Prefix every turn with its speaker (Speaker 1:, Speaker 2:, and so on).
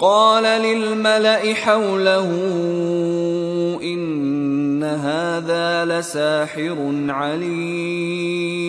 Speaker 1: قال للملا حوله ان هذا لساحر عليم